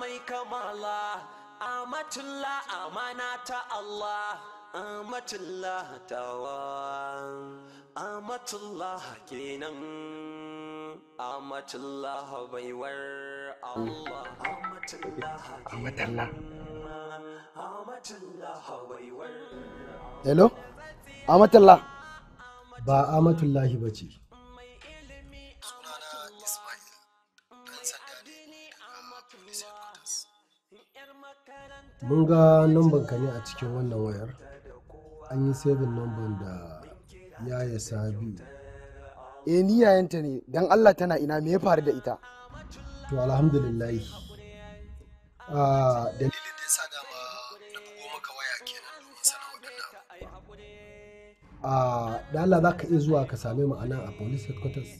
mai kamala amatullah amana ta Allah amatullah tawa amatullah kenan baiwar Allah baiwar hello ba amatullah bace mun ga numban ka ne a cikin wannan wayar an yi sabin numban da ya yi sabi eh ni yayanta ne don Allah tana ina me ya faru da ita to alhamdulillahi a ah, dalilin da sa dama da bugo maka waya kenan domin sanar waɗannan a da ah, Allah za ka iya zuwa ka same mu a nan a police headquarters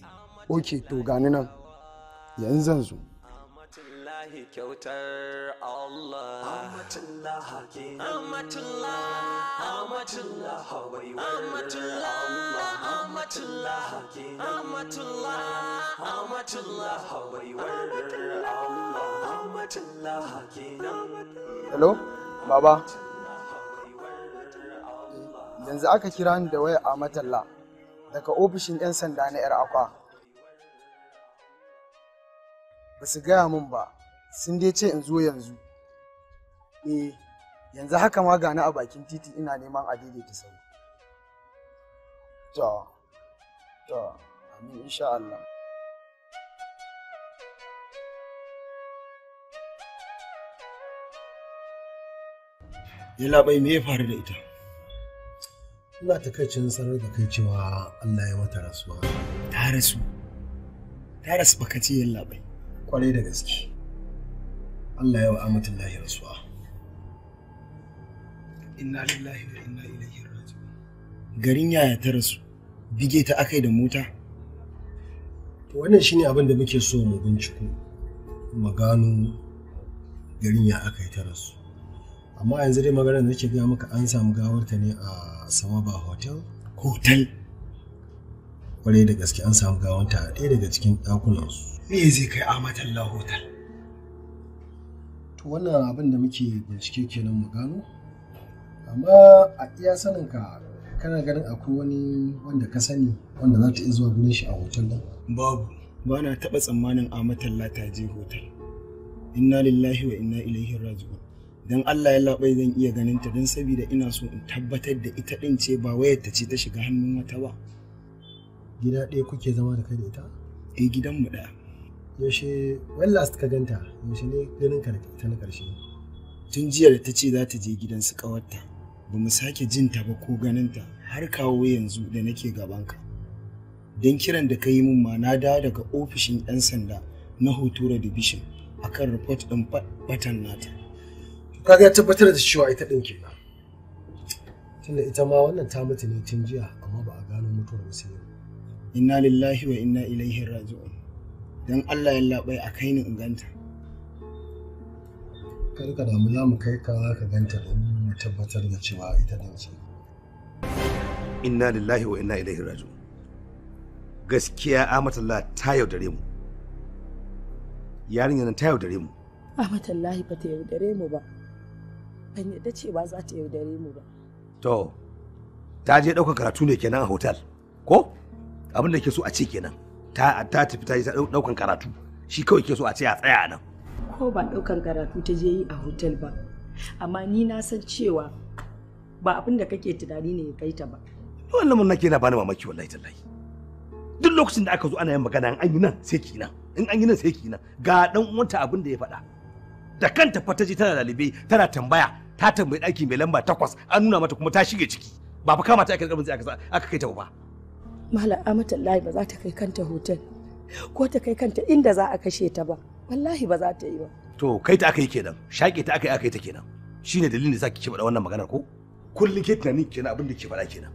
Ok, to gani nan yanzu zanzu Ahmatullahi kyautar Allah Ahmatullah kenan Ahmatullah Ahmatullah waiwar Ahmatullah Ahmatullah kenan Ahmatullah Ahmatullah waiwar Allah Ahmatullah kenan Hello baba yanzu aka kira ni da waya Ahmatullah daga ofishin 'yan sanda na 'yar akwa ba su gaya min ba sun dai ce in zo yanzu eh yanzu haka ma gani a bakin titi ina neman a daidaita sau to to amin insha Allah Yalaɓai me ya faru da ita? Ina takaicin sanar da kai cewa Allah ya mata rasuwa. Ta rasu. Ta rasu baka ce yallaɓai. Kwarai da gaske. Allah ya wa lahi rasuwa inna lillahi wa inna ilaihi raji'un garin yaya ta rasu bige ta akai da mota to wannan shine abin da muke so mu binciko mu gano garin ya akai ta rasu amma yanzu dai maganar da nake gaya maka an samu gawarta ne a Samaba Hotel hotel kwarai da gaske an samu gawanta a ɗaya daga cikin ɗakunansu me zai kai amatan hotel wannan abin da muke bincike kenan mu gano amma a iya saninka kana ganin akwai wani wanda ka sani wanda za ta iya zuwa gurin shi a hotel nan babu ba na taɓa tsammanin amatan lata je hotel inna lillahi wa inna ilaihi raji'un dan Allah ya labai zan iya ganin ta dan saboda ina so in tabbatar da ita din ce ba wayar ta ce ta shiga hannun wata ba gida ɗaya kuke zama da kai da ita eh gidan mu ɗaya yaushe when last ka ganta yaushe ne ganin ka ta na karshe tun jiya da ta ce za ta je gidan su kawarta ba mu sake jin ta ba ko ganin ta har kawo yanzu da nake gaban ka don kiran da ka yi min ma na dawo daga ofishin 'yan sanda na hutura division akan report din batan nata ka ya tabbatar da cewa ita din kenan tunda ita ma wannan ta mutu ne tun jiya amma ba a gano mutuwar ba sai inna lillahi wa inna ilaihi raji'un don Allah ya labai a kai ni in ganta. Kar ka damu za mu kai ka ka ganta domin mu tabbatar da cewa ita da ce. Inna lillahi wa inna ilaihi raji'un. Gaskiya Amatullah ta yaudare mu. Yarinya nan ta yaudare mu. Amatullahi ba ta yaudare mu ba. Ban yadda cewa za ta yaudare mu ba. To, ta je ɗaukar karatu ne kenan a hotel, ko? Abin da ke so a ce kenan. ta tafi ta yi daukan karatu shi kawai ke so a ce a tsaya nan ko ba daukan karatu ta je yi a hotel ba amma ni na san cewa ba abin da kake tunani ne ya kai ta ba wannan mun nake na bani mamaki wallahi tallahi duk lokacin da aka zo ana yin magana an yi nan sai ki nan in an yi nan sai ki nan ga dan wata abin da ya faɗa da kanta fa ta je tana lalibe tana tambaya ta tambayi ɗaki mai lamba takwas an nuna mata kuma ta shige ciki ba fa kama ta aka karɓar aka kai ta ba malam amatan layi ba za ta kai kanta hotel ko ta kai kanta inda za a kashe ta ba wallahi ba za ta yi ba to kai ta aka yi kenan shaƙe ta aka yi aka yi ta kenan shine dalilin da zaki ki faɗa wannan maganar ko kullum ke tunanin kenan abin da ke faɗa kenan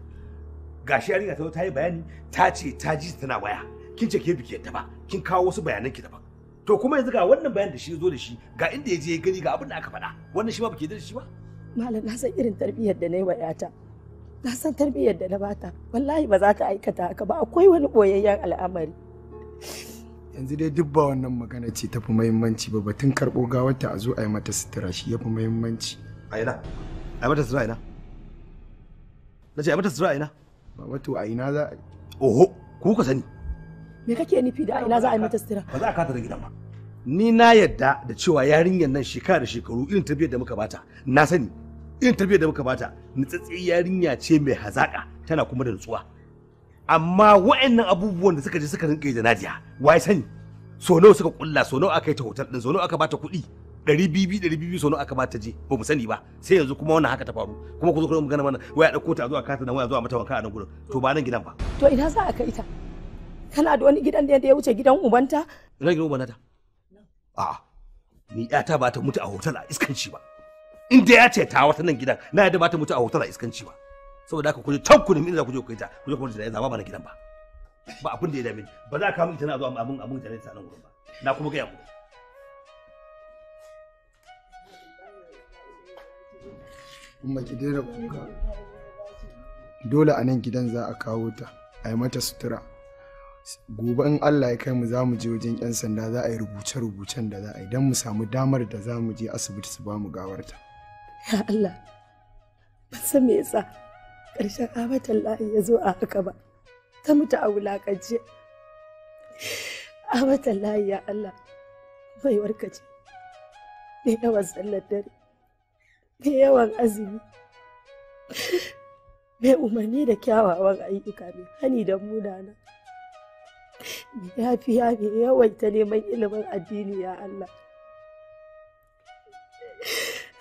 gashi yarinya ta zo ta yi bayani ta ce ta ji tana waya kin ce ke bike ta ba kin kawo wasu bayanan ki ba, to kuma yanzu ga wannan bayan da shi zo da shi ga inda ya je ya gani ga abin da aka faɗa wannan shi ma bike da shi ba malam na san irin tarbiyyar da na yi wa 'yata na san tarbiyyar da na bata wallahi ba za ta aikata haka ba akwai wani koyayyen al'amari yanzu dai duk ba wannan magana ce ta fi muhimmanci ba batun karɓo gawarta a zo a yi mata sutura shi ya fi muhimmanci a ina a yi mata sutura a ina na ce a yi mata sutura a ina ba wato a ina za a yi oho ku ka sani me kake nufi da a ina za a yi mata sutura ba za a kata da gidan ba ni na yadda da cewa yarinyar nan shekara da shekaru irin tarbiyyar da muka bata na sani irin tarbiyyar da muka bata nutsatsiyar yarinya ce mai hazaka tana kuma da nutsuwa amma wa'annan abubuwan da suka je suka rinka yi da Nadia wai sani so nawa suka kulla so nawa aka yi ta hotel din so nawa aka bata kuɗi ɗari bibi ɗari bibi so nawa aka bata je ba mu sani ba sai yanzu kuma wannan haka ta faru kuma ku zo kuma magana mana waya ɗauko ta zuwa kata nan waya a mata wanka a nan gurin to ba nan gidan ba to ina za a kai ta kana da wani gidan da ya wuce gidan ubanta ina gidan ubanta ta a'a ni ƴata ba ta mutu a hotel a iskan shi ba in da ya ce ta wata nan gidan na yadda ba ta mutu a hotel a iskanci ba saboda haka kuje can ku nemi inda kuje ku kai ta kuje ku da zaba ba na gidan ba ba abin da ya dame ba za ka mun ita zuwa zo abun abun da ta nan gurin ba na kuma ga muku kuma ki daina kuka dole a nan gidan za a kawo ta a yi mata sutura gobe in Allah ya kai mu za mu je wajen 'yan sanda za a yi rubuce-rubucen da za a yi don mu samu damar da za mu je asibiti su ba mu gawarta ya Allah ban san me yasa ƙarshen layi ya zo a haka ba ta mutu a wulaƙance abatan layi ya Allah mai warkace mai yawan sallar mai yawan azumi mai umarni da kyawawan ayyuka mai hani da munana Ya yafiya mai yawaita neman ilimin addini ya Allah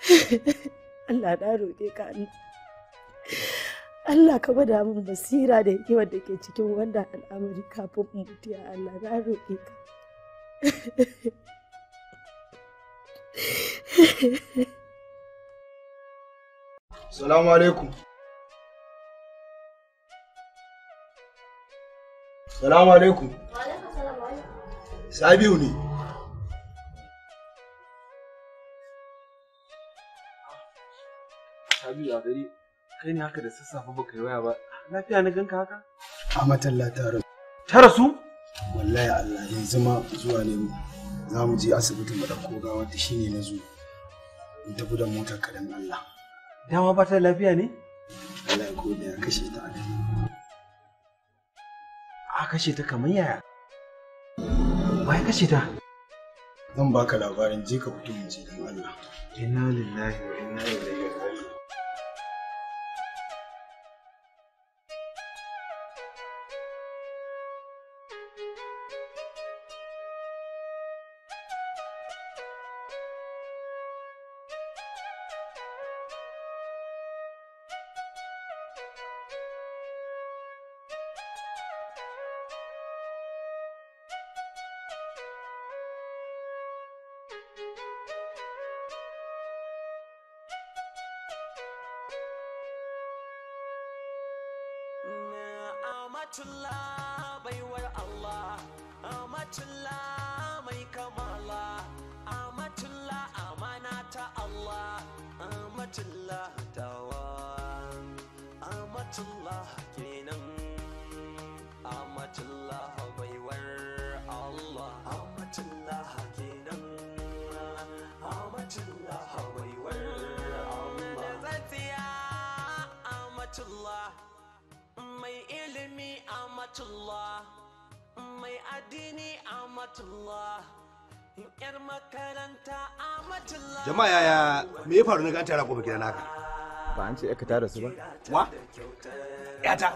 Allah na roƙe ka Allah ka bada min basira da hikimar da ke cikin wanda al'amari kafin in mutu ya Allah na roƙe ka Salamu alaikum. Salamu alaikum. Sabiu ne. Aliyu a gari kai ne haka da sassafe baka yi waya ba lafiya na ganka haka a talla ta rasu ta rasu wallahi Allah yanzu ma zuwa ne za mu je asibitin mu dauko gawa ta shine na zo in tafi da motar ka dan Allah dama ba ta lafiya ne wallahi ko da kashe ta aka a kashe ta kamar yaya ya kashe ta zan baka labarin je ka fito mu je dan Allah inna lillahi wa inna ilaihi Amatullah baiwar Allah Amatullah mai kamala Amatullah amana ta Allah Amatullah dawa Amatullah kenan Amatullah baiwar Allah Amatullah kenan Amatullah baiwar Allah Da Amatullah amatullah mai addini amatullah yar makaranta amatullah jama'a yaya me ya faru ne an tara gobe gidan haka. ba an ce ka tara su ba wa yata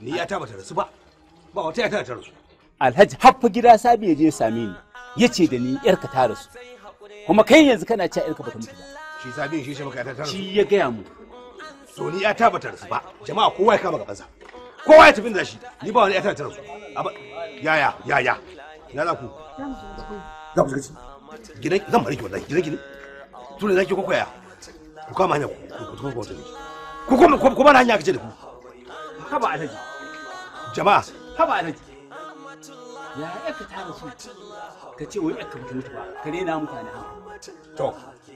ni yata ba tara su ba ba wata yata tara su alhaji haffa gida sabi ya je same ni ya ce da ni yarka ta su kuma kai yanzu kana cewa yarka ba ta mutu ba shi sabi shi shi maka ta tara su shi ya gaya mu to ni yata ba tara su ba jama'a kowa ya kama gabansa kowa ya tafi da shi ni ba wani ya tattara yaya yaya na za ku za ku shiga ciki gidan zan bari ki wallahi gidan ki ne su ne zaki kokoya ku kama hanya ku ku ku ku kuma ku ba hanya ka kace da ku haba alhaji jama'a haba alhaji ya aka tara su ka ce wai aka mutu mutu ba ka rena mutane haka to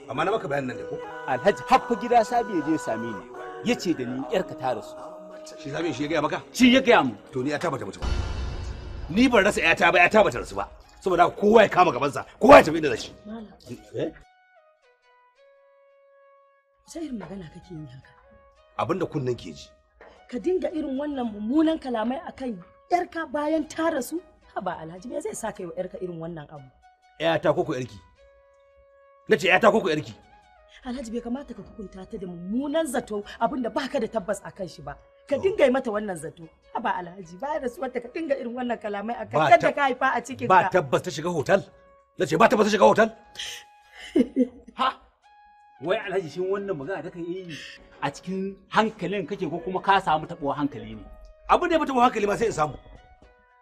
amma na maka bayanin nan da ku alhaji haffa gida sabi ya je same ni yace da ni 'yar ka tara su shi zabin shi ya gaya maka shi ya gaya mu to ni ya tabata mutu ba ni ban rasa yata ba ya tabata rasu ba saboda kowa ya kama gabansa kowa ya tafi inda zashi eh? sai irin magana kake yi haka abinda kunnen ke ji ka dinga irin wannan mummunan kalamai akan yarka bayan ta rasu ba alhaji me zai sa kai wa yarka irin wannan abu yata koko yarki nace yata koko yarki alhaji bai kamata ka hukunta ta da mummunan zato abinda baka da tabbas akan shi ba ka dinga mata wannan zato haba alhaji ba su wata. ka dinga irin wannan kalamai akan da ka haifa a cikin ba tabbas ta shiga hotel na ce ba tabbas ta shiga hotel ha wai alhaji shin wannan magana da kai yi a cikin hankalin kake ko kuma ka samu tabo hankali ne abin da ya taɓuwa hankali ma sai in samu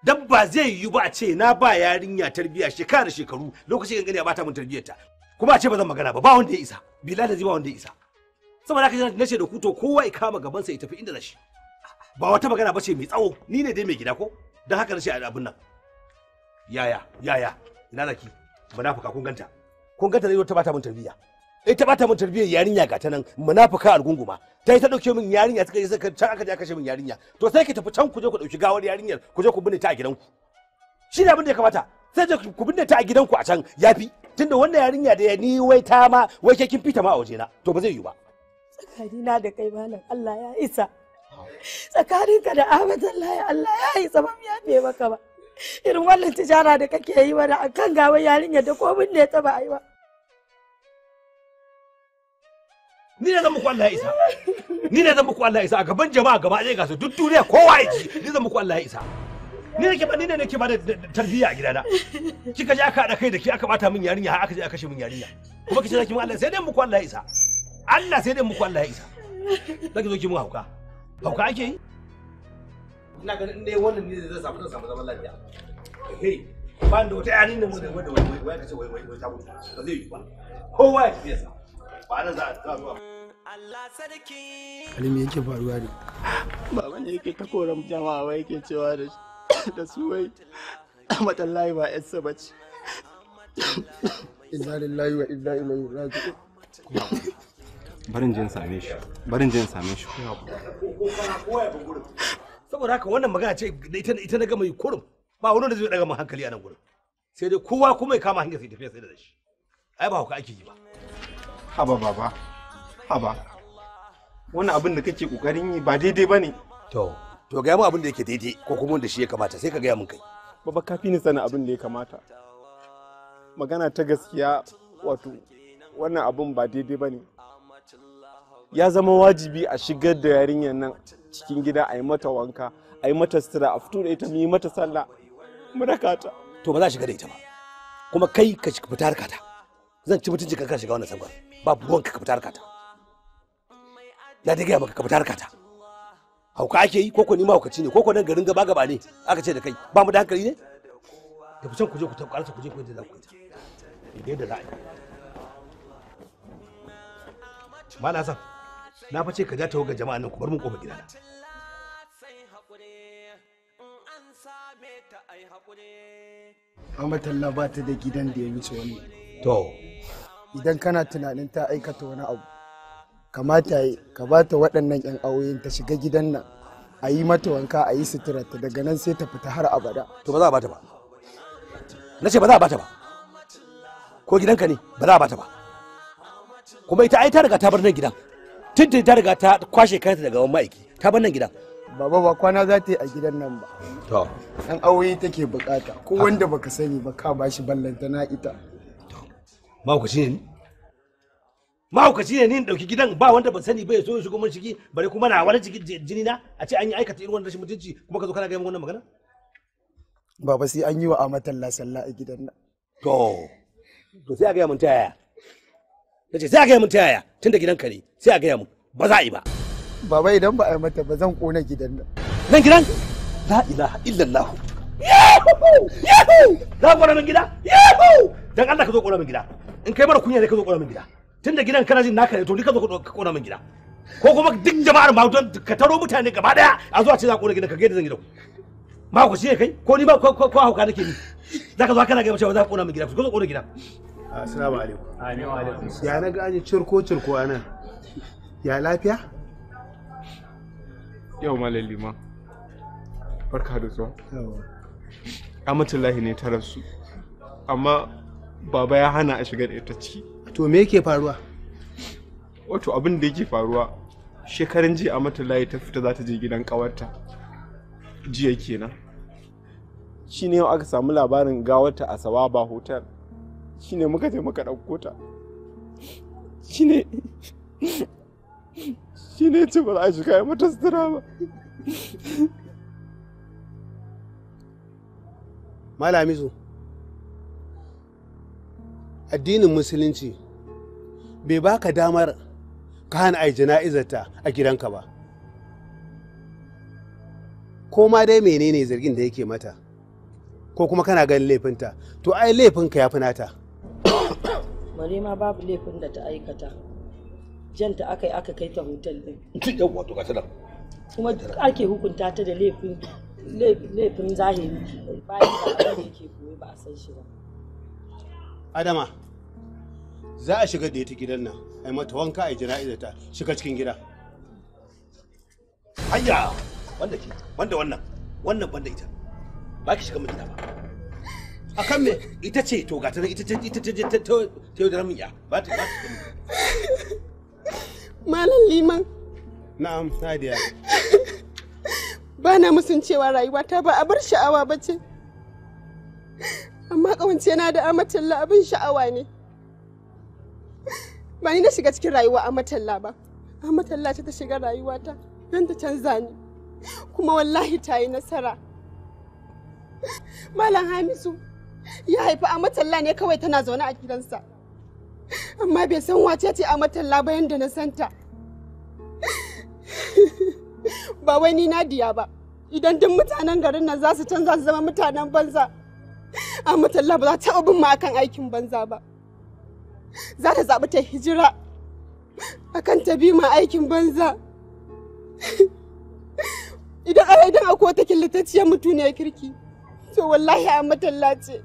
dan ba zai yiwu ba a ce na ba yarinya tarbiyya shekara shekaru lokacin gangane ba ta mun tarbiyyarta kuma a ce ba zan magana ba ba wanda ya isa bilal da ba wanda ya isa saboda haka na ce da ku to kowa ya kama gabansa ya tafi inda zashi shi ba wata magana ba ce mai tsawo ni ne dai mai gida ko don haka rashin abin nan yaya yaya ina munafuka kun ganta kun ganta zai ta bata mun tarbiyya eh ta bata mun tarbiyyar yarinya ga nan munafuka argunguma ta yi ta dauke min yarinya ta kaje can aka je aka kashe min yarinya to sai ki tafi can ku je ku dauki gawar yarinyar ku je ku binne ta a gidanku shi ne abin da ya kamata sai je ku binne ta a gidanku a can yafi tunda wannan yarinya da ni wai ta ma wai ke kin fita ma a waje na to ba zai yi ba tsakanina da kai malam Allah ya isa tsakaninka da abadan laye Allah ya yi tsamam ya bai maka ba irin wannan tijara da kake yi mana a kan gawar yarinya da komin da ya taba yi ba. Ni ne zan muku Allah ya isa. Ni ne zan muku Allah ya isa a gaban jama'a gaba ɗaya ga su duk duniya kowa ya ji ni zan muku Allah ya isa. Ni ke ba ni ne ke ba da tarbiyya a gidana. Kika je aka haɗa kai da ki aka bata min yarinya har aka je aka kashe min yarinya. Kuma kice zaki mun Allah sai dai muku Allah ya isa. Allah sai dai muku Allah ya isa. Zaki zo ki mun hauka. hauka ake yi ina ganin dai wannan ne zai samu samu zaman lafiya hey ba da wata yanin nan da wanda wai wai kace wai wai ta mutu ba zai yi ba kowa ya tafi sa ba nan za a zuwa Allah Ali Halimi yake faruwa ne baban ne yake ta koran jama'a wai yake cewa da da su wai matallahi ba yarsa bace inna lillahi wa inna ilaihi raji'un barin jin same shi barin jin same shi saboda haka wannan magana ce ita ita na gama yi kurum ba wani da zai daga mu hankali a nan gurin sai dai kowa kuma ya kama hanyar sai tafiya sai da shi ai ba hauka ake yi ba haba baba haba wannan abin da kake kokarin yi ba daidai bane to to ga mu abin da yake daidai ko kuma wanda shi ya kamata sai ka ga mun kai baba kafi ni sanin abin da ya kamata magana ta gaskiya wato wannan abin ba daidai bane ya zama wajibi a shigar da yarinyar nan cikin gida a yi mata wanka a yi mata sutura a fito da ita mu yi mata sallah mu raka ta to ba za a shiga da ita ba kuma kai ka fita harka ta zan ci mutunci ka shiga wannan sabgar ba buwanka ka fita harka ta na dai gaya maka ka fita harka ta hauka ake yi koko ni mahaukaci ne koko nan garin gaba gaba ne aka ce da kai ba mu da hankali ne da kusan ku je ku tabbatar ku je ku yadda za ku yi da za a yi na san na fa ce ka ja tawo ga jama'a nan ku bar mun kofar na. Amatalla ba ta da gidan da ya wuce wani. To. Idan kana tunanin ta aikata wani abu, kamata yi ka ba ta waɗannan 'yan auyen ta shiga gidan nan, a yi mata wanka a yi sutura ta daga nan sai ta fita har abada. To ba za a bata ba. Na ce ba za a bata ba. Ko gidanka ne ba za a bata ba. Kuma ita ai ta riga ta bar nan gidan. tuntun ta riga ta kwashe kanta daga wani ma'aiki ta bar nan gidan baba ba kwana za ta yi a gidan nan ba to dan aure take bukata ko wanda baka sani ba ka bashi ballanta na ita to ni ne ku ne ni dauki gidan ba wanda ban sani ba ya so ya shigo mun ciki bare kuma na wani ciki jini na a ce an yi aikata irin wannan rashin mutunci kuma ka zo kana ga mun wannan magana baba sai an yi wa amatan la sallah a gidan nan to to sai a ga mun ta yaya na ce sai a gaya mun ta yaya tun da gidan ka ne sai a gaya mun ba za a yi ba baba idan ba a yi mata ba zan kona gidan nan nan gidan la ilaha illallah yahu yahu za ku kona min gida yahu dan Allah ka zo kona min gida in kai mara kunya ne ka zo kona min gida tun da gidan kana jin naka ne to ni ka zo ka kona min gida ko kuma duk jama'ar ma don ka taro mutane gaba daya a zuwa ce za a kona gidan ka gaida zan gidan ba ku shi ne kai ko ni ba ko hauka nake ni za ka zo kana gaya mace ba za ka kona min gida ku zo kona gidan Assalamu alaikum. Amin Ya na gani cirko cirko a nan, Ya lafiya? Yau malam liman. Barka da zuwa. Amatullahi ne ta rasu. Amma baba ya hana a shiga da ita ciki. To me yake faruwa? Wato abin da yake faruwa shekaran jiya Amatullahi ta fita za ta je gidan kawarta. Jiya kenan. Shi ne yau aka samu labarin gawarta a Sawaba Hotel. shine muka je muka ɗauko ta shine shine ce ba za a shiga ya mata sutura ba malamizu addinin musulunci bai baka damar ka hana a yi jana'izarta a gidanka ba ko ma dai menene zargin da yake mata ko kuma kana ganin laifinta to ai laifinka ya fi nata bare ma babu laifin da ta aikata janta aka yi aka kai ta hotel din yawwa to ga kuma ake hukunta ta da laifin laifin zahiri bayan ba abin da yake koyi ba a san shi ba adama za a shiga da ita gidan nan a yi mata wanka a yi jana'iza ta shiga cikin gida hayya wanda ke banda wannan wannan banda ita ba ki shiga mun gida ba akan me ita ce to gata ita ce ita ce ta ta da ramin ya ba ta ba malam liman na'am sadiya ba na musun cewa rayuwata ba a bar sha'awa ba ce amma kawance na da amatalla abin sha'awa ne ba ni na shiga cikin rayuwa amatalla ba amatalla ta ta shiga rayuwata don ta canza ni kuma wallahi ta yi nasara Malam Hamisu, ya haifi amatalla ne kawai tana zaune a gidansa amma bai san wace ce amatalla bayan da na santa ba wai ni nadiya ba idan duk mutanen garin nan za su canza su zama mutanen banza amatalla ba za ta bin ma akan aikin banza ba za ta zaɓi ta hijira akan ta bi ma aikin banza idan a idan akwai wata mutu ne kirki to wallahi a matalla ce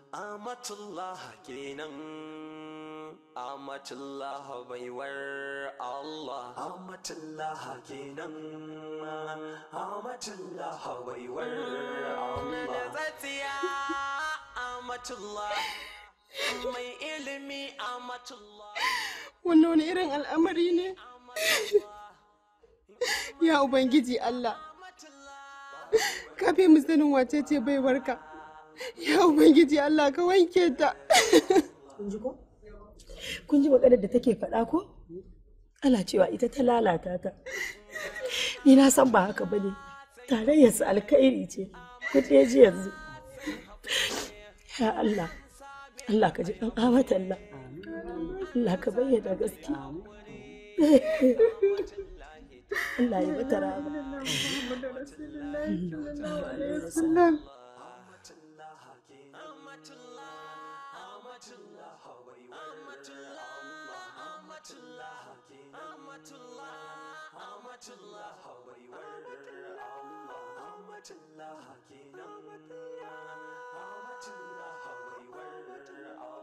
Amatullah kenan Amatullah baiwar Allah Amatullah kenan Amatullah baiwar Allah da Amatullah mai ilimi Amatullah wannan wani irin al'amari ne ya ubangiji Allah ka fi mu sanin wace ce baiwarka ya ubangiji Allah ka wanke ta kun ji ko kun ji maganar da take faɗa ko ana cewa ita ta lalata ta ni na san ba haka bane tarayyar su alkhairi ce ku je ji yanzu ya Allah Allah ka ji ɗan amatan nan Allah ka bayyana gaske Allah ya mata rama Amatullah, Amatullah, Amatullah, baiwar Allah. Amatullah, Amatullah, Amatullah, baiwar Allah.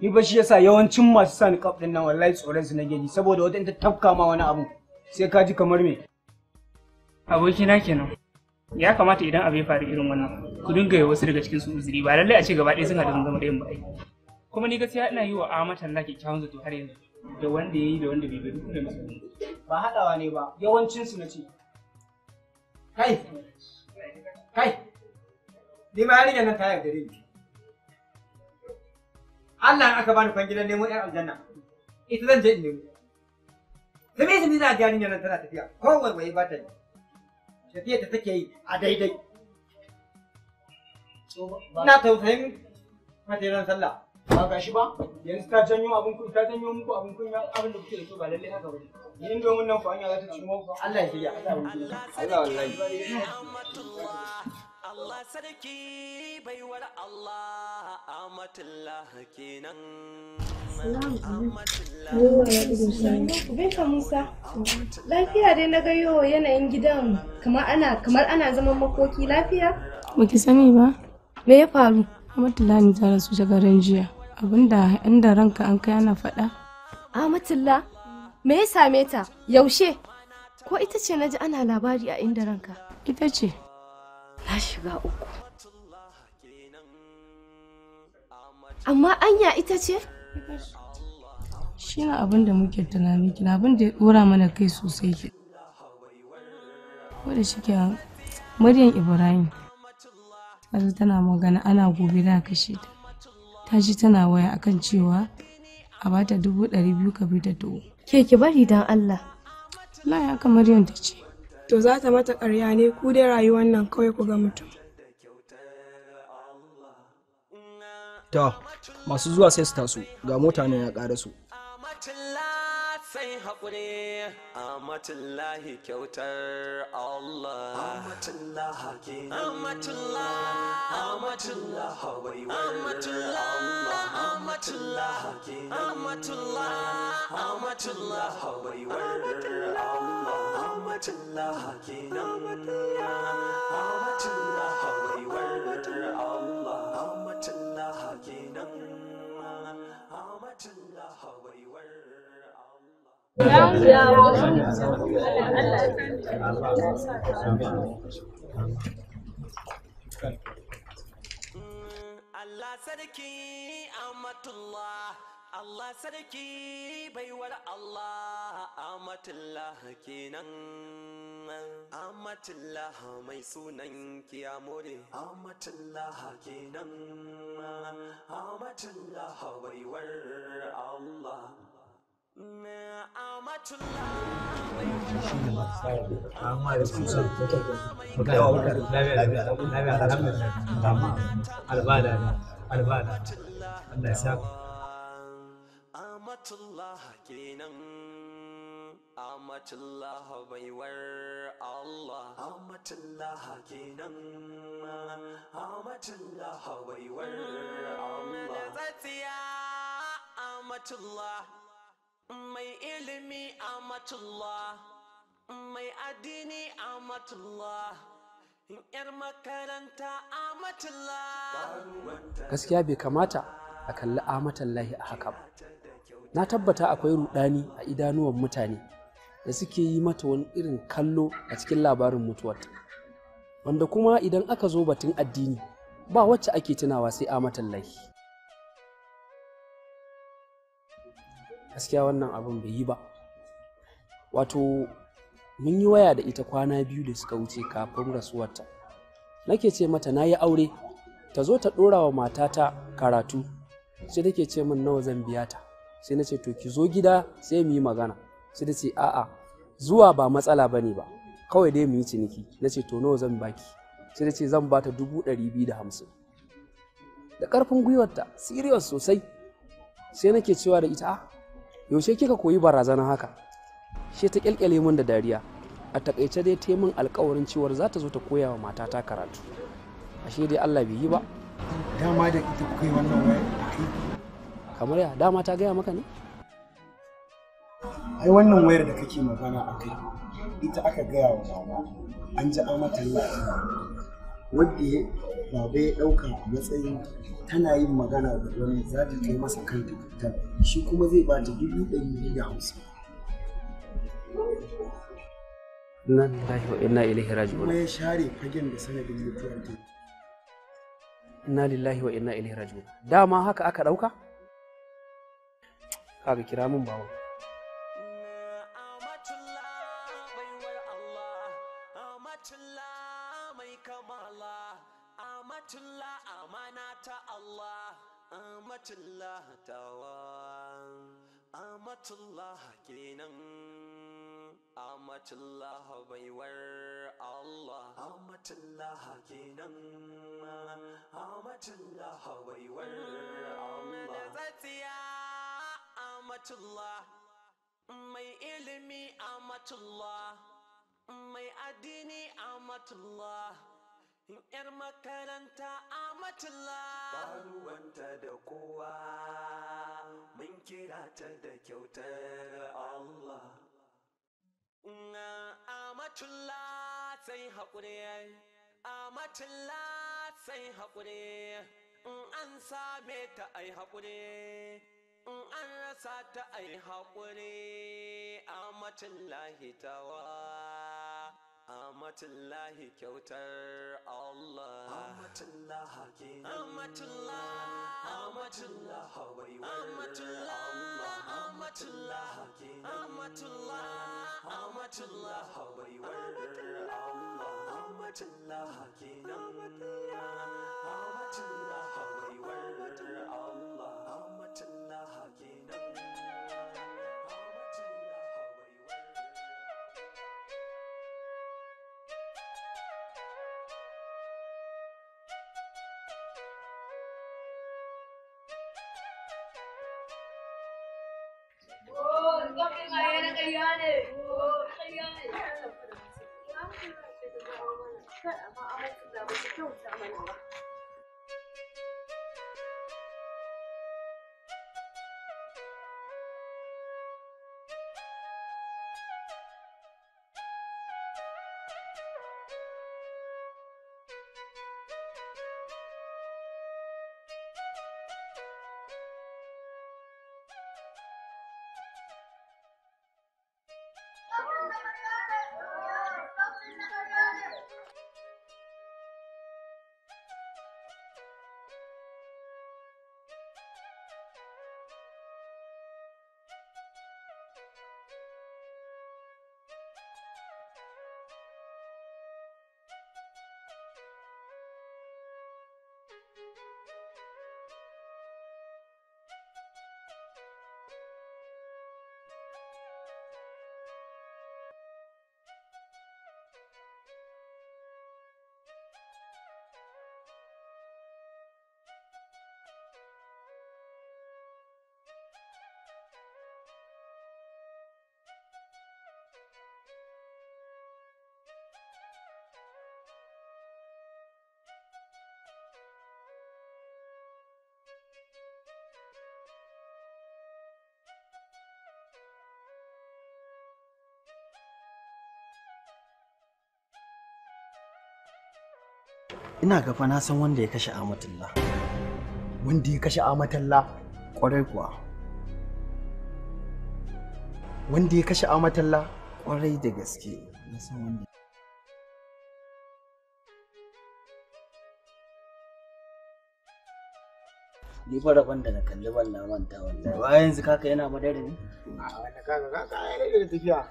ni ba shi yasa yawancin masu sa niqab din nan wallahi tsoron su nake ji saboda wata ta tafka ma wani abu sai ka ji kamar me abokina kenan ya kamata idan abu ya faru irin wannan ku dinga yi wasu daga cikin su uzuri ba lallai a ce gaba ɗaya sun haɗu zama da yin ai kuma ni gaskiya ina yi wa amatan na kyakkyawan zato har yanzu da wanda ya yi da wanda bai bai duk da ba haɗawa ne ba yawancin su na ce kai kai ni ma yarinya nan ta yarda da ni Allah aka bani kwangilan nemo ƴan aljanna ita zan je in nemo zame zame za a ga tana tafiya ko wai ba ta ne. tafiya ta take yi a daidai ina tausayin materan sallah ba ga shi ba yanzu ta janyo abin kun ta janyo muku abin kun ya abin da kuke da so ba lalle haka ba bane yin domin nan ku an ya za ta ci mu Allah ya shirya Allah wallahi Allah sarki baiwar Allah amatullah kenan Binka Musa, lafiya dai na gayo yanayin gidan kamar ana kamar ana zaman makoki lafiya? Baki sani ba? Me ya faru? Amatullah ne ta rasu shagaran jiya. Abinda inda ranka an kai ana faɗa. Amatullah, me ya same ta? Yaushe? Ko ita ce na ji ana labari a inda ranka? Ita ce. na shiga uku amma anya ita ce shi na abin da muke tunani kina abin da ya dora mana kai sosai ke wadda shi Maryam Ibrahim kaza tana magana ana gobe da kashe ta ta ji tana waya akan cewa a bata dubu ɗari biyu ka bi da dubu ke ki bari dan Allah Allah ya Maryam ta ce to za ta mata ƙarya ne ku dai rayuwar nan kawai ku ga mutum ta masu zuwa sai su taso ga mota ne ya ƙara su haƙuri amatullahi kyautar Allah amatullah kenan amatullah amatullah waiwar Allah amatullah amatullah amatullah Allah sarki Amatullah Allah sarki baiwar Allah Amatullah kenan Amatullah mai sunan kiyamore Amatullah kenan Amatullah baiwar Allah Amatullah kenan Amatullah baiwar Allah Amatullah kenan Amatullah baiwar Allah mai ilimi a matulla, mai addini matulla. gaskiya bai kamata a kalli amatallahi a haka ba na tabbata akwai rudani a idanuwan mutane da suke yi mata wani irin kallo a cikin labarin mutuwarta wanda kuma idan aka zo batun addini ba wacce ake tunawa sai amatallahi gaskiya wannan abin bai yi ba wato mun yi waya da ita kwana biyu da suka wuce kafin rasuwarta nake ce mata na yi aure ta zo ta ɗora wa matata karatu sai take ce min nawa zan biya ta sai na ce to ki zo gida sai mu yi magana sai ta ce a'a zuwa ba matsala ba ne ba kawai dai mu yi ciniki na ce to nawa zan baki sai ta ce zan ba ta dubu ɗari biyu da hamsin da ƙarfin gwiwarta serious sosai sai nake cewa da ita yaushe kika koyi barazana haka shi ta kyalkyale min da dariya a takaice dai ta min alkawarin cewar za ta zo ta koya wa matata karatu ashe dai Allah bai yi ba dama da ita kuka yi wannan waya kamar ya dama ta gaya maka ne ai wannan wayar da kake magana a kai ita aka gaya wa mama an ji an mata wadda ba ya ɗauka matsayin tana yin magana da wani za ta kai masa kan ta shi kuma zai ba ta dubu ɗari da hamsin. Nan lahi wa inna ilaihi raji'un. Kuma ya share fagen da sanadin mutuwar ta. lillahi wa ina ilaihi raji'un. Dama haka aka ɗauka? Kaga kira min bawa. Amatullah kenan Amatullah baiwar Allah Amatullah kenan Amatullah baiwar Allah Zatiya Amatullah mai ilimi Amatullah mai addini Amatullah ‘Yar makaranta Amatullah. Ba ruwanta da kowa. mun kira ta da kyautar Allah. Amatulla sai haƙuri, amatulla sai haƙuri, in an same ta ai haƙuri, in an rasa ta ai haƙuri, amatullahi tawa. Amatullahi kyautar Allah Amatullah ke Amatullah Amatullah waiwar Amatullah Amatullah ke Amatullah Amatullah waiwar Allah Amatullah ke Amatullah Amatullah waiwar Allah ne ƙarya ne Thank you. ina fa na san wanda ya kashe Amatullah. Wanda ya kashe Amatullah? Kwarai kuwa. Wanda ya kashe Amatullah? Kwarai da gaske. Na san wanda ni fara rabon da na kalli ban na manta wallahi ba yanzu kaka yana madara ne a wanda kaka kaka yana da tafiya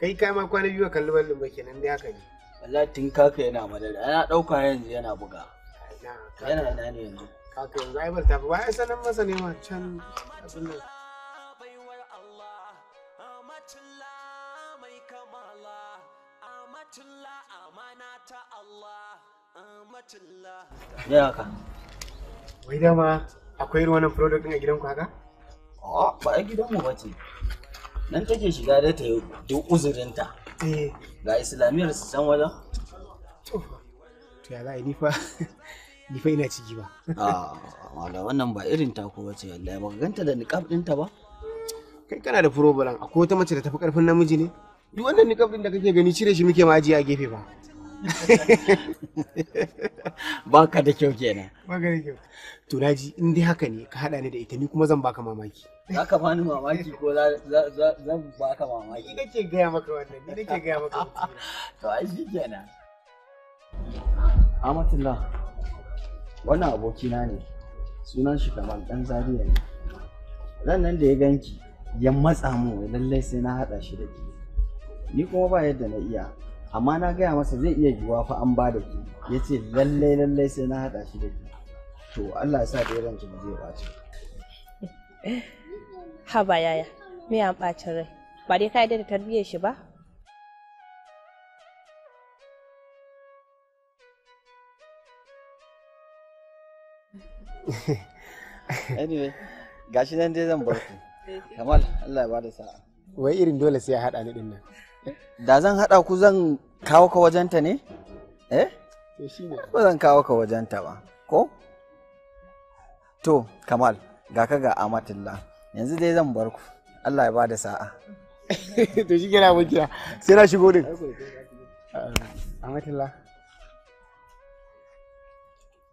kai kai ma kwana biyu kalli ballin ba kenan dai haka ne latin kaka yana madara ana ɗauka yanzu yana buga yana ina ne yanzu kaka yanzu ai bar tafi bayan sanan masa ne ma can abin nan haka? Wai dama akwai ruwan product ɗin a gidanku haka? ba a gidanmu ba ce. Nan take shiga da ta yi duk uzurinta. Eh. ga islamiyyar su san wajen ya za a yi fa ni ina ciki ba a ah, wala wannan ba irin ta ko wace ya baka ganta da niqab ɗinta ba kai kana da problem akwai wata mace da tafi karfin namiji ne duk wannan niqab ɗin da kake gani cire shi muke ma ajiye a gefe ba baka da kyau kenan baka da kyau to naji in dai haka ne ka haɗa ni da ita ni kuma zan baka mamaki za ka bani mamaki ko zan ba ka mamaki. Ni nake gaya maka wannan, ni nake gaya maka To ai shi kenan. Amatullah, wannan abokina ne, sunan shi kamar ɗan zariya ne. Ran nan da ya ganki ya matsa mu lallai sai na haɗa shi da ke. Ni kuma ba yadda na iya, amma na gaya masa zai iya yiwuwa fa an ba da ke. Ya ce lallai lallai sai na haɗa shi da ke. To Allah ya sa da ya ranki mu zai ɓaci. haba yaya me an ɓacin rai ba dai ka yarda da tarbiyyar shi ba anyway gashi nan dai zan bar ku kamal Allah ya bada sa'a wai irin dole sai ya hada ni din nan da zan hada ku zan kawo ka wajenta ne eh to shine ba zan kawo ka wajenta ba ko to kamal ga ka ga amatullah yanzu dai zan bar ku Allah ya ba da sa'a to shi kira mun kira sai na shigo din Amatullah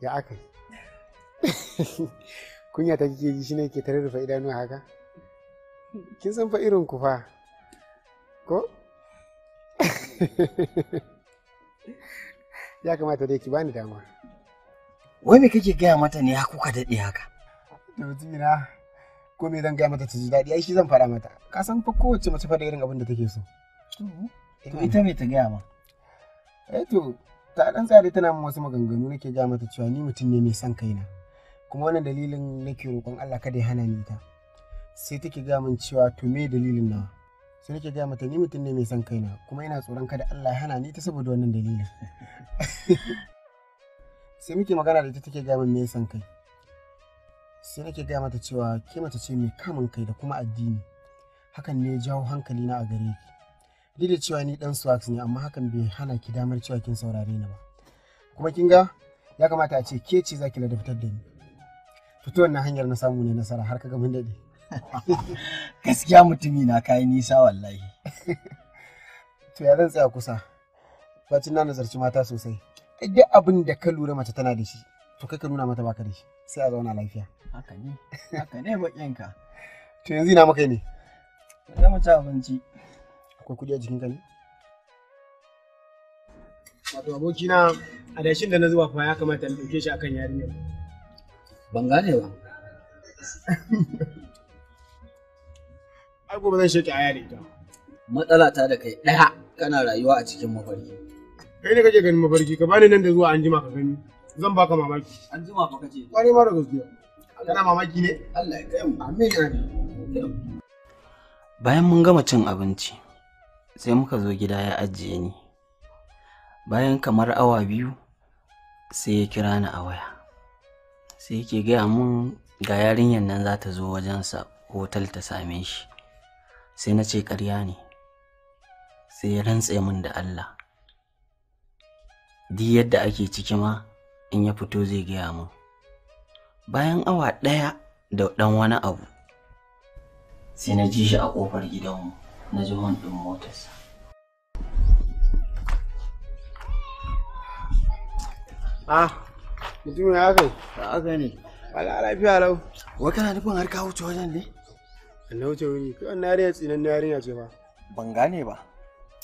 ya aka kunya ta kike ji shine ke tare da fa'ida idanu haka kin san fa irin ku fa ko ya kamata dai ki bani dama wai me kake gaya mata ne ya kuka daɗe haka da mutumina ko me zan gaya mata ta ji daɗi ai shi zan faɗa mata ka san fa kowace mace fa da irin abin da take so to ita me ta gaya ma eh to ta dan tsare tana min wasu maganganu nake gaya mata cewa ni mutum ne mai son kaina kuma wannan dalilin nake roƙon Allah kada ya hana ni ta sai take gaya min cewa to me dalilin nawa sai nake gaya mata ni mutum ne mai son kaina kuma ina tsoron kada Allah ya hana ni ta saboda wannan dalilin sai muke magana da ita take gaya min me son kaina sai nake gaya mata cewa ke mace ce mai kamun kai da kuma addini hakan ne jawo hankali na a gare ki duk da cewa ni dan swax ne amma hakan bai hana ki damar cewa kin saurare ni ba kuma kin ga ya kamata a ce ke ce zaki ladabtar da ni fito wannan hanyar na samu ne nasara har ka ga mun dade gaskiya mutumi na kai nisa wallahi to ya zan tsaya kusa bacin na nazarci mata sosai duk abin da ka lura mace tana da shi to kai ka nuna mata baka da shi sai a zauna lafiya Haka ne, haka ne baƙinka. To yanzu ina maka ne? Za mu ci abinci. Akwai kuɗi a jikin ka ne? Wato abokina adashin da na zuba fa ya kamata in ɗauke shi akan yarinya. Ban gane ba. Ai gobe zan sheke aya da ita. Matsala ta da kai ɗaya kana rayuwa a cikin mafarki. Kai ne kake ganin mafarki ka bani nan da zuwa anjima ka gani. Zan baka mamaki. Anjima fa kace. Kwari ma da gaskiya. bayan mun gama cin abinci sai muka zo gida ya ajiye ni bayan kamar awa biyu sai ya kira ni a waya sai yake gaya mun ga yarinyar nan za ta zo wajensa hotel ta same shi sai na ce karya ne sai ya rantse min da Allah di yadda ake ciki ma in ya fito zai gaya mun bayan awa ɗaya da ɗan wani abu sai na ji shi a ƙofar gidanmu na ji hon ɗin motarsa ah mutum ya kai ya aka ne wala lafiya lau wai kana nufin har ka wuce wajen ne na wuce wuri kai wannan yarinya tsinan yarinya ce ba ban gane ba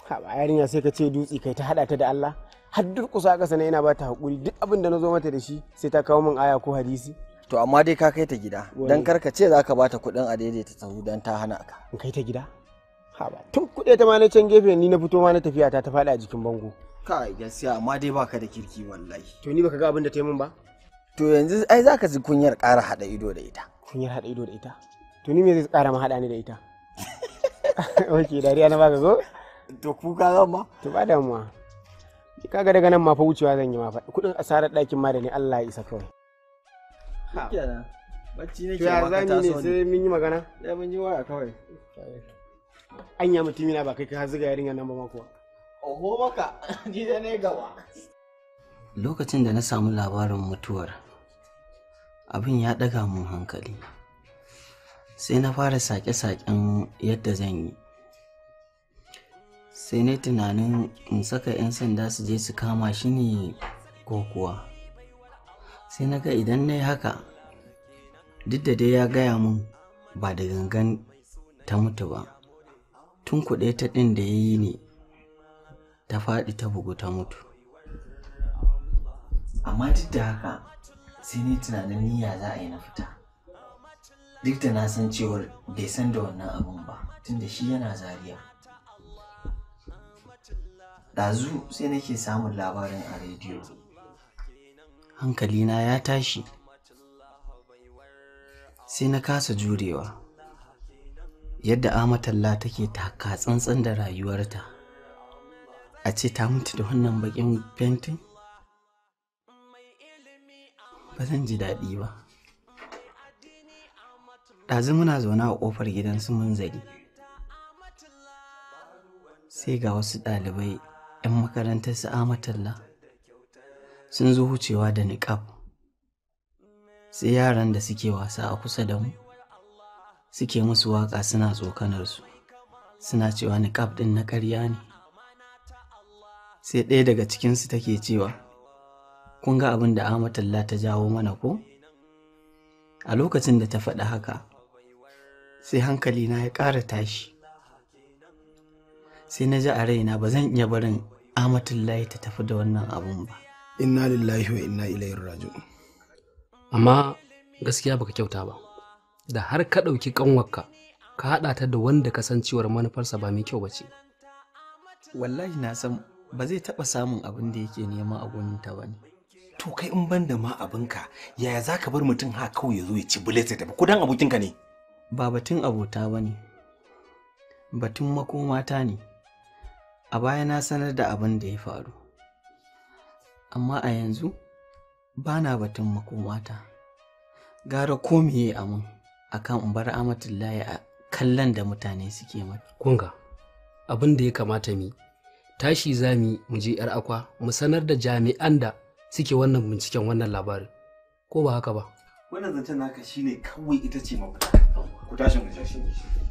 ha ba yarinya sai ka ce dutse kai ta hada ta da Allah har durƙusa ƙasa na yana ba ta haƙuri duk abin da na zo mata da shi sai ta kawo min aya ko hadisi to amma dai ka kai ta gida don karka ce za ka ba ta kuɗin a daidaita tsaro don ta hana ka in kai ta gida ha ba tun kuɗe ta ma na can gefe ni na fito ma na tafiya ta ta faɗi a jikin bango kai gaskiya amma dai baka da kirki wallahi to ni baka ga abin da ta yi min ba to yanzu ai za ka ji kunyar ƙara haɗa ido da ita kunyar haɗa ido da ita to ni me zai ƙara ma haɗa ni da ita ok dariya na baka zo? to kuka zan ma to ba damuwa kaga daga nan ma fa wucewa zan yi ma fa kudin asarar ɗakin ma da ni Allah ya isa kawai kenan za nake ne sai mun yi magana sai mun yi waya kawai anya mutumi na ba kai ka zuga yarinya nan ba ma oho maka ni da ne gaba lokacin da na samu labarin mutuwar abin ya daga mun hankali sai na fara sake-saken yadda zan yi sai na tunanin in saka 'yan sanda su je su kama shi ne ko kuwa sai na ga idan na yi haka duk da dai ya gaya mun ba da gangan ta mutu ba tun kuɗe ta ɗin da ya yi ne ta faɗi ta bugu ta mutu amma duk da haka sai ni tunanin niyya za a yi na fita duk da na san cewar bai san da wannan abun ba tun da shi yana zariya ɗazu sai nake samun labarin a rediyo hankalina ya tashi sai na kasa jurewa yadda amatalla take taka tsantsan da rayuwarta a ce ta mutu da wannan bakin fentin ba zan ji daɗi ba ɗazu muna zaune a ƙofar gidan su mun zari sai ga wasu ɗalibai 'yan makarantar su amatalla sun zo wucewa da niƙab sai yaran da suke wasa a kusa da mu suke musu waƙa suna tsokanarsu suna cewa niƙaf ɗin na ƙarya ne sai ɗaya daga cikinsu take cewa kun ga abin da amatalla ta jawo mana ko a lokacin da ta faɗi haka sai hankali na ya ƙara tashi sai na ji a raina ba zan iya barin amatullahi ta tafi da wannan abun ba inna lillahi wa inna ilaihi raji'un amma gaskiya baka kyauta ba da har ka ɗauki ƙanwarka ka haɗa ta da wanda ka san cewar manufarsa ba mai kyau ba ce wallahi na san ba zai taɓa samun abin da yake nema a ta ba ne to kai in ban da ma abinka yaya za ka bar mutum ha kawai ya zo ya ci bullet ta ko dan abokinka ne ba batun abota ba ne batun makomata ne a baya na sanar da abin da ya faru amma a yanzu ba na batun makomata gara ko meye a mun akan in bar amatullahi a kallon da mutane suke mata kunga abin da ya kamata mi tashi za mu mu je yar akwa mu sanar da jami'an da suke wannan binciken wannan labarin ko ba haka ba wannan zancen naka shine kawai ita ce mafita ku tashi mu tashi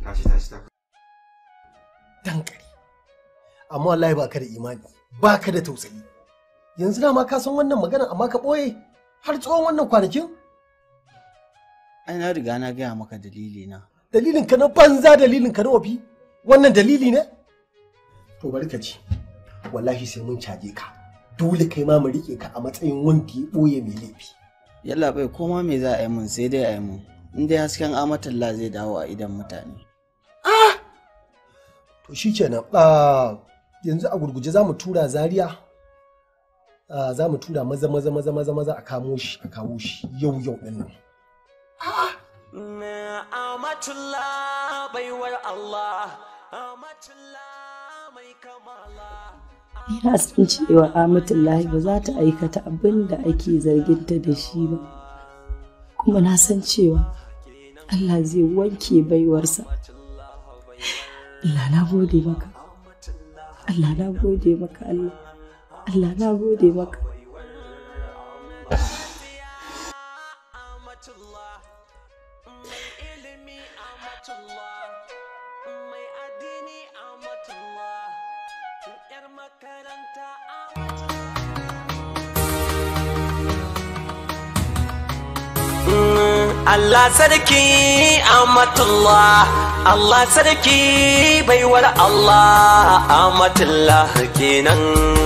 tashi tashi ta dankali amma wallahi ba ka da imani ba ka da tausayi yanzu dama ka san wannan magana amma ka ɓoye har tsawon wannan kwanakin? Ai na riga na gaya maka dalili na. Dalilin ka na banza dalilin ka na wafi wannan dalili ne? To bari ka ci wallahi sai mun caje ka dole kai ma mu rike ka a matsayin wanda ya ɓoye mai laifi. Yalla bai koma me za a yi mun sai dai a yi mun in dai hasken amatalla zai dawo a idan mutane. Ah! To shi kenan yanzu a gurguje za mu tura zaria Ah, za mu tura maza maza maza maza maza a kamo shi a kawo shi yau yau din nan Amatullah san cewa Amatullah ba za ta aikata abin da ake zarginta da shi ba kuma na san cewa Allah zai wanke baiwarsa Allah na gode maka Allah na gode maka Allah Allah na gode maka mm, Allah sarki amatullah Allah sarki baiwar Allah amatullah kenan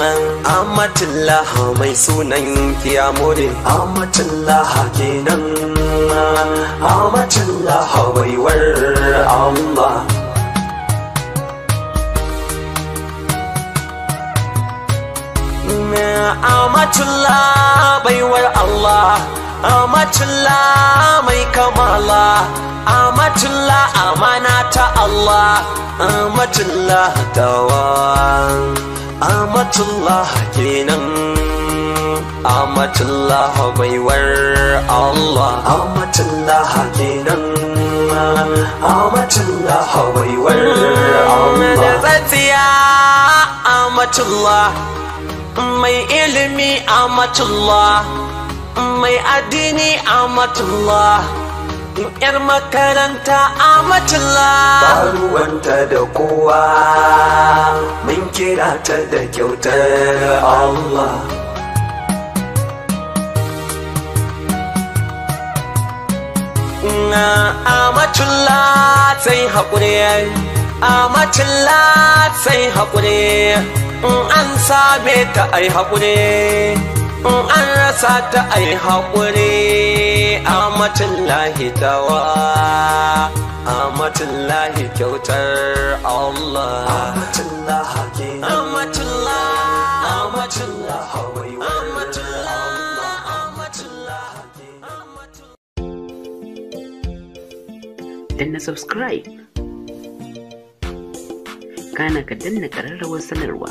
nan amatullah mai sunan kiyamore amatullah kenan amatullah baiwar Allah amatullah baiwar Allah amatullah mai kamala amatullah amana ta Allah amatullah tawa amatullah kenan amatullah baiwar Allah amatullah kenan amatullah baiwar Allah da tsatsiya amatullah mai ilimi amatullah mai addini amatullah yar makaranta a matula baruwanta da kowa mun kira ta da kyautar Allah na amatulla sai haƙuri matula sai haƙuri in an same ta ai haƙuri in an rasa ta ai haƙuri amatin lahitawa amatin lahi kyautar Allah amatin lahaki amatin amatin danna subscribe kana ka danna ƙararrawar sanarwa